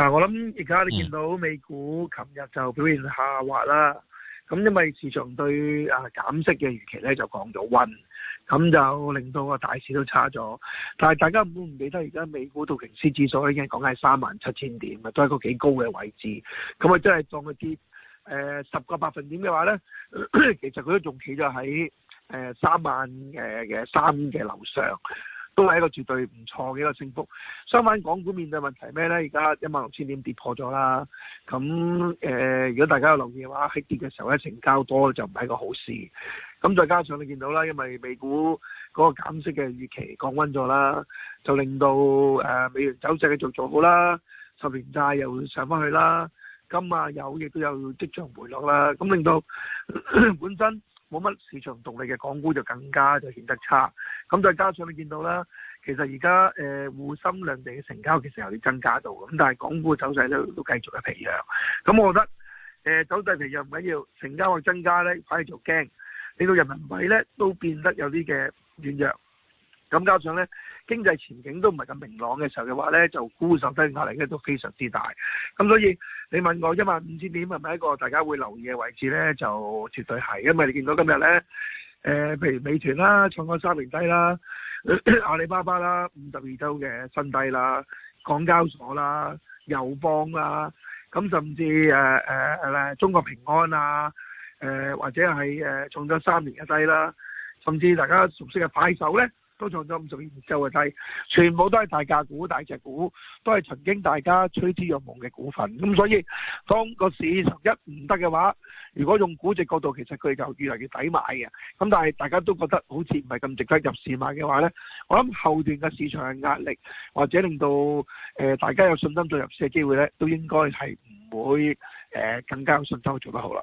但、啊、我諗而家你見到美股琴日就表現下滑啦，咁因為市場對啊減息嘅預期咧就降咗溫，咁就令到個大市都差咗。但係大家唔好唔記得，而家美股道瓊斯指數已經講緊係三萬七千點啊，都係一個幾高嘅位置。咁啊，真係當佢跌誒十個百分點嘅話咧，其實佢都仲企咗喺誒三萬嘅三嘅樓上。都係一個絕對唔錯嘅一個升幅。相反，港股面對問題咩呢？而家一萬六千點跌破咗啦。咁誒，如果大家有留意嘅話，喺跌嘅時候咧，成交多就唔係個好事。咁再加上你見到啦，因為美股嗰個減息嘅預期降溫咗啦，就令到誒美元走勢繼續做好啦。十年債又上翻去啦，金啊有亦都有即將回落啦。咁令到本身，冇乜市場動力嘅港股就更加就顯得差，咁再加上你見到啦，其實而家誒滬深兩地嘅成交其實有啲增加到，咁但係港股嘅走勢都都繼續係疲弱，咁我覺得誒、呃、走勢疲弱唔緊要，成交或增加咧，反而就驚，令到人民幣咧都變得有啲嘅軟弱。咁加上咧，經濟前景都唔係咁明朗嘅時候嘅話咧，就沽售嘅壓力咧都非常之大。咁所以你問我一萬五千點係咪一個大家會留意嘅位置咧？就絕對係，因為你見到今日咧，誒、呃、譬如美團啦，創咗三年低啦咳咳；阿里巴巴啦，五十二周嘅新低啦；港交所啦，友邦啦；咁甚至誒、呃呃、中國平安啊，誒、呃、或者係誒、呃、創咗三年嘅低啦；甚至大家熟悉嘅快手咧。都做咗唔少研究嘅，但係全部都係大價股、大隻股，都係曾經大家趨之若鶩嘅股份。咁所以當個市場一唔得嘅話，如果用估值角度，其實佢就越嚟越抵買嘅。咁但係大家都覺得好似唔係咁值得入市買嘅話呢，我諗後段嘅市場壓力，或者令到、呃、大家有信心再入市嘅機會呢，都應該係唔會、呃、更加有信心做得好啦。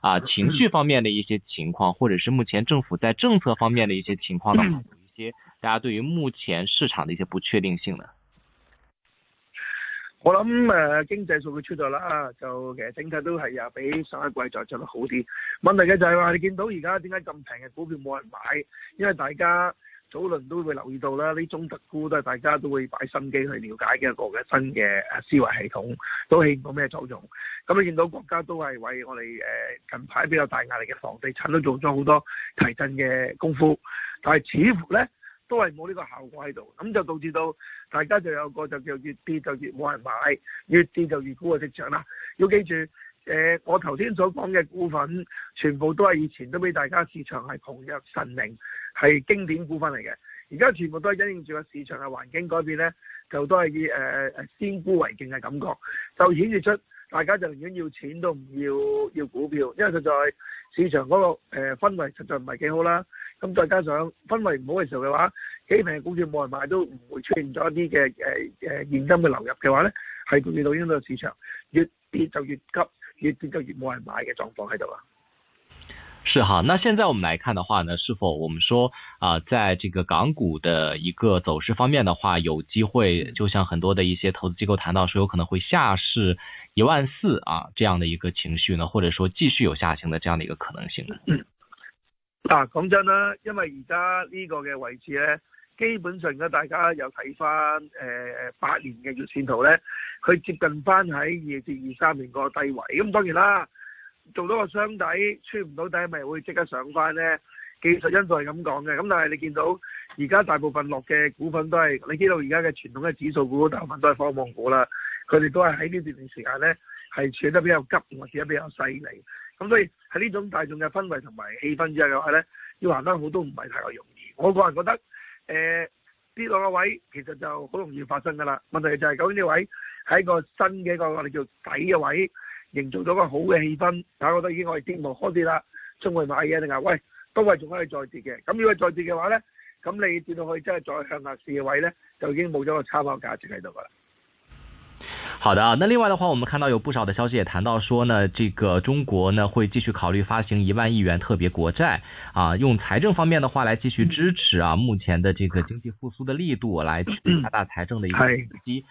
啊，情緒方面的一些情況，或者是目前政府在政策方面的一些情況，到一些大家對於目前市場的一些不確定性啦。我諗誒、呃，經濟數據出咗啦，就其實整體都係又比上一季再做得好啲。問題嘅就係、是、話，你見到而家點解咁平嘅股票冇人買？因為大家。早輪都會留意到啦，呢種特估都係大家都會擺心機去了解嘅一個嘅新嘅誒思維系統，都起唔到咩作用。咁啊，你見到國家都係為我哋誒近排比較大壓力嘅房地產都做咗好多提振嘅功夫，但係似乎咧都係冇呢個效果喺度，咁就導致到大家就有個就叫越跌就越冇人買，越跌就越沽嘅直情啦。要記住。誒、呃，我頭先所講嘅股份，全部都係以前都俾大家市場係奉若神明，係經典股份嚟嘅。而家全部都係因應住個市場嘅環境改變咧，就都係以誒誒先沽為敬嘅感覺，就顯示出大家就寧願要錢都唔要要股票，因為實在市場嗰、那個、呃、氛圍實在唔係幾好啦。咁再加上氛圍唔好嘅時候嘅話，幾平嘅股票冇人買都唔會出現咗一啲嘅誒誒現金嘅流入嘅話咧，係見到呢個市場越跌就越急。越跌就越冇人買嘅狀況喺度啊，是哈，那現在我們來看的話呢，是否我們說啊、呃，在這個港股的一個走勢方面的話，有機會，就像很多的一些投資機構談到，說有可能會下市一萬四啊，這樣的一個情緒呢，或者說繼續有下行的這樣的一個可能性呢？嗱、嗯，啊、講真啦，因為而家呢個嘅位置咧，基本上咧大家有睇返誒誒八年嘅月線圖咧。佢接近翻喺二至二三年個低位，咁當然啦，做到個箱底穿唔到底，咪會即刻上翻咧。技術因素係咁講嘅，咁但係你見到而家大部分落嘅股份都係，你知道而家嘅傳統嘅指數股大部分都係科網股啦，佢哋都係喺呢段時間咧係扯得比較急，或者得比較犀利。咁所以喺呢種大眾嘅氛圍同埋氣氛之下嘅話咧，要行得好都唔係太過容易。我個人覺得，呢、呃、兩個位其實就好容易發生㗎啦。問題就係究竟呢位？喺個新嘅一個我哋叫底嘅位，營造咗個好嘅氣氛，大家覺得已經可以跌冇開啲啦，出去買嘢定係喂都係仲可以再跌嘅，咁如果再跌嘅話咧，咁你跌到去真係再向下市嘅位咧，就已經冇咗個參考價值喺度噶啦。好的，那另外嘅話，我們看到有不少嘅消息也談到說呢，這個中國呢會繼續考慮發行一萬億元特別國債，啊，用財政方面的話來繼續支持啊，嗯、目前的這個經濟復甦的力度，來去加大財政的一啲刺激。嗯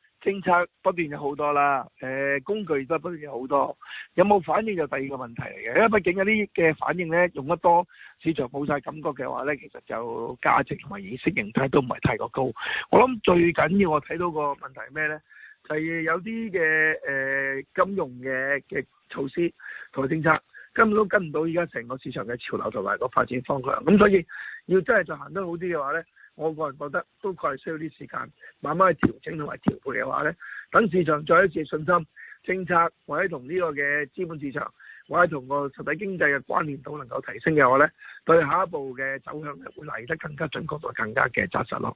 政策不斷有好多啦，誒工具都不斷有好多，有冇反應就第二個問題嚟嘅，因為畢竟有啲嘅反應咧用得多，市場冇晒感覺嘅話咧，其實就價值同埋意識形態都唔係太過高。我諗最緊要我睇到個問題係咩咧？就係有啲嘅誒金融嘅嘅措施同埋政策根本都跟唔到而家成個市場嘅潮流同埋個發展方向，咁所以要真係進行得好啲嘅話咧。我個人覺得都確係需要啲時間，慢慢去調整同埋調配嘅話呢，等市場再一次信心政策，或者同呢個嘅資本市場，或者同個實體經濟嘅關聯度能夠提升嘅話呢，對下一步嘅走向會嚟得更加準確同更加嘅紮實咯。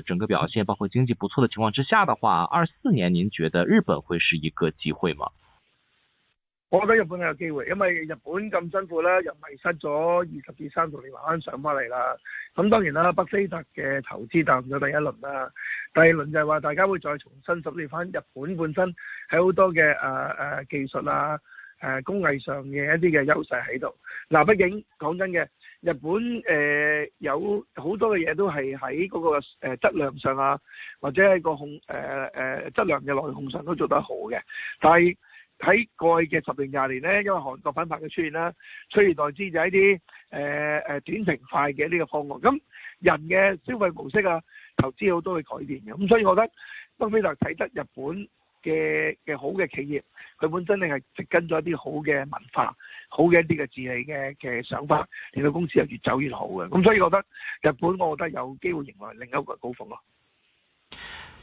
整個表現包括經濟不錯的情況之下的話，二四年您覺得日本會是一個機會嗎？我覺得日本有機會，因為日本咁辛苦啦，又迷失咗二十至三十年，慢慢上翻嚟啦。咁當然啦，巴菲特嘅投資踏入咗第一輪啦，第二輪就係話大家會再重新審視翻日本本身喺好多嘅誒誒技術啊誒、呃、工藝上嘅一啲嘅優勢喺度。嗱、啊，畢竟講真嘅。日本誒、呃、有好多嘅嘢都係喺嗰個誒質量上啊，或者喺個控誒誒、呃、質量嘅內控上都做得好嘅。但係喺過去嘅十年廿年咧，因為韓國品牌嘅出現啦，雖然代之就係啲誒誒短平快嘅呢個方案，咁人嘅消費模式啊，投資好多會改變嘅，咁所以我覺得畢孬睇得日本。嘅嘅好嘅企業，佢本身你係植根咗一啲好嘅文化，好嘅一啲嘅治理嘅嘅想法，令到公司又越走越好嘅。咁所以覺得日本我覺得有機會迎來另一個高峰咯。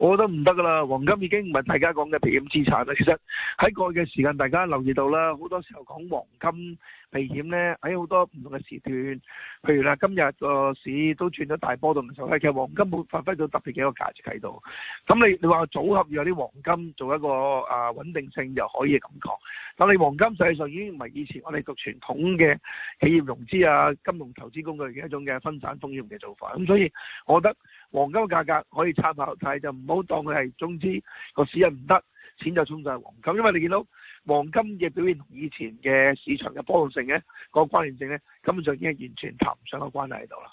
我覺得唔得噶啦，黃金已經唔係大家講嘅避險資產啦。其實喺過去嘅時間，大家留意到啦，好多時候講黃金避險咧，喺好多唔同嘅時段，譬如啦，今日個市都轉咗大波動嘅時候咧，其實黃金冇發揮到特別嘅一個價值喺度。咁你你話組合有啲黃金做一個啊穩定性，又可以咁講，但你黃金實際上已經唔係以前我哋個傳統嘅企業融資啊、金融投資工具嘅一種嘅分散風險嘅做法。咁所以我覺得。黃金嘅價格可以參考睇，但是就唔好當佢係中資。個市一唔得，錢就衝晒黃金，因為你見到黃金嘅表現同以前嘅市場嘅波動性咧，個關聯性咧，根本上已經係完全搭唔上個關係喺度啦。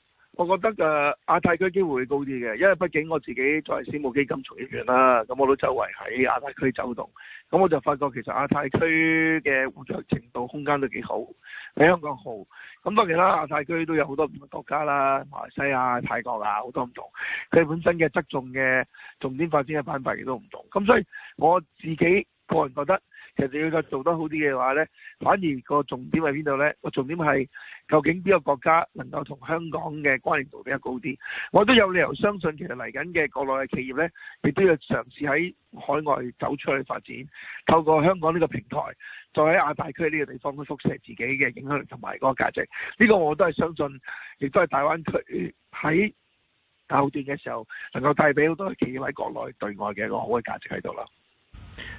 我覺得誒、呃、亞太區機會會高啲嘅，因為畢竟我自己作為私募基金從業員啦，咁我都周圍喺亞太區走動，咁我就發覺其實亞太區嘅活躍程度空間都幾好，比香港好。咁當然啦，亞太區都有好多唔同國家啦，馬來西亞、泰國啊，好多唔同，佢本身嘅側重嘅重點發展嘅板塊亦都唔同。咁所以我自己個人覺得，其實要再做得好啲嘅話呢，反而個重點係邊度呢？個重點係究竟邊個國家能夠同香港嘅關聯度比較高啲？我都有理由相信，其實嚟緊嘅國內嘅企業呢，亦都要嘗試喺海外走出去發展，透過香港呢個平台，再喺亞太區呢個地方去輻射自己嘅影響力同埋嗰個價值。呢、這個我都係相信，亦都係大灣區喺後段嘅時候能夠帶俾好多企業喺國內對外嘅一個好嘅價值喺度啦。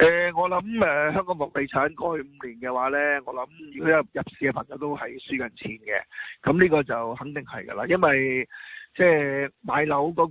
誒、呃，我諗、呃、香港房地產過去五年嘅話咧，我諗如果有入，入市嘅朋友都係輸緊錢嘅，咁呢個就肯定係㗎喇，因為即係、就係、買樓嗰、嗰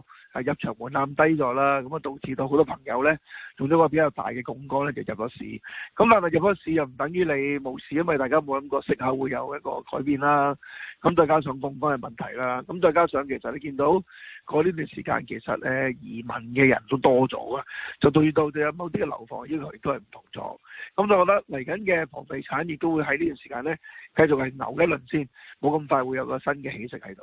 個。係入場門檻低咗啦，咁啊導致到好多朋友咧用咗個比較大嘅槓桿咧就入咗市，咁係咪入咗市又唔等於你冇事，因為大家冇諗過息口會有一個改變啦，咁再加上槓桿嘅問題啦，咁再加上其實你見到過呢段時間其實咧移民嘅人都多咗啊，就導致到就有某啲嘅樓房要求亦都係唔同咗。咁就我覺得嚟緊嘅房地產亦都會喺呢段時間咧繼續係牛一輪先，冇咁快會有個新嘅起色喺度。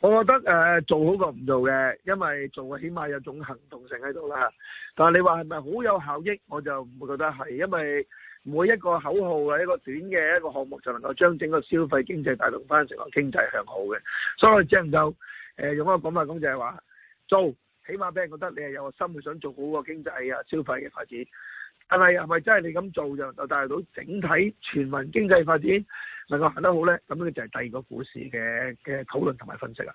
我覺得誒，做好過唔做嘅，因為做啊，起碼有種行動性喺度啦。但係你話係咪好有效益，我就唔會覺得係，因為每一個口號啊，一個短嘅一個項目，就能夠將整個消費經濟帶動翻成個經濟向好嘅。所以我只能夠誒，用一個講法講就係話，做起碼俾人覺得你係有個心去想做好個經濟啊，消費嘅發展。係咪係咪真係你咁做就就帶嚟到整體全民經濟發展能夠行得好呢？咁呢個就係第二個股市嘅嘅討論同埋分析啦。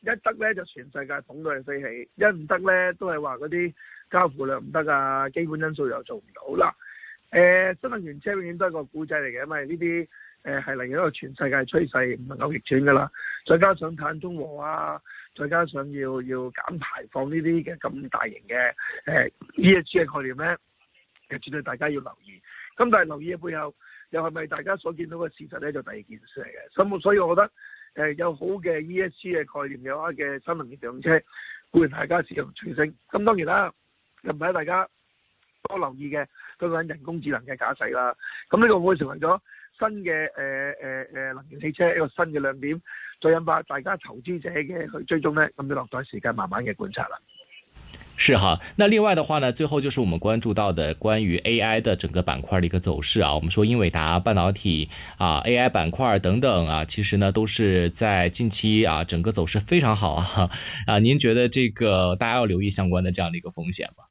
一得咧就全世界捧到佢飛起，一唔得咧都係話嗰啲交付量唔得啊，基本因素又做唔到啦。誒、呃，新能源車永遠都係個故仔嚟嘅，因為呢啲誒係嚟緊一個全世界趨勢，唔能夠逆轉噶啦。再加上碳中和啊，再加上要要減排放呢啲嘅咁大型嘅誒 ESG 嘅概念咧，係絕對大家要留意。咁但係留意嘅背後，又係咪大家所見到嘅事實咧？就第二件事嚟嘅。所所以，我覺得。誒、呃，有好嘅 E S G 嘅概念，有啊嘅新能源電動車，固然大家使用全升，咁當然啦，又唔係大家多留意嘅，最個人工智能嘅駕駛啦，咁呢個會成為咗新嘅誒誒誒能源汽車一個新嘅亮點，再引發大家投資者嘅去追蹤咧，咁你落咗時間慢慢嘅觀察啦。是哈、啊，那另外的話呢，最後就是我們關注到的關於 AI 的整個板塊的一個走勢啊。我們說英偉達、半導體啊、AI 板塊等等啊，其實呢都是在近期啊整個走勢非常好啊。啊，您覺得這個大家要留意相關的這樣的一個風險嗎？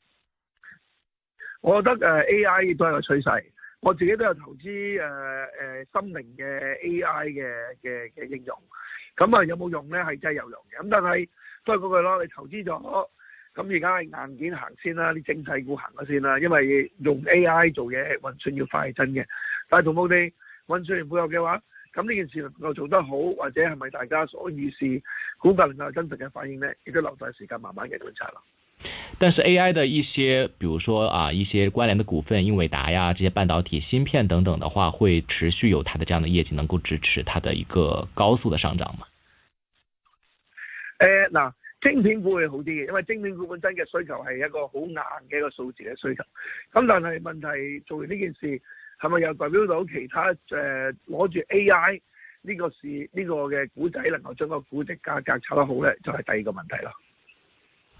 我覺得、呃、AI 都係個趨勢，我自己都有投資誒誒，心靈嘅 AI 嘅嘅嘅應用。咁啊、呃，有冇用呢？係真係有用嘅。咁但係都係嗰句咯，你投資咗。咁而家係硬件行先啦，啲整體股行咗先啦，因為用 AI 做嘢運算要快係真嘅。但係同埋哋運算能力配合嘅話，咁呢件事能夠做得好，或者係咪大家所預示估值能夠真實嘅反應呢，亦都留低時間慢慢嘅觀察啦。但是 A I 的一些，比如說啊，一些關聯的股份，英偉達呀，這些半導體、芯片等等的話，會持續有它的這樣的業績，能夠支持它的一個高速的上漲嗎？誒嗱、呃。呃晶片股會好啲嘅，因為晶片股本身嘅需求係一個好硬嘅一個數字嘅需求。咁但係問題，做完呢件事，係咪又代表到其他誒攞住 A I 呢個、這個、事呢個嘅股仔，能夠將個股值價格炒得好呢？就係、是、第二個問題啦。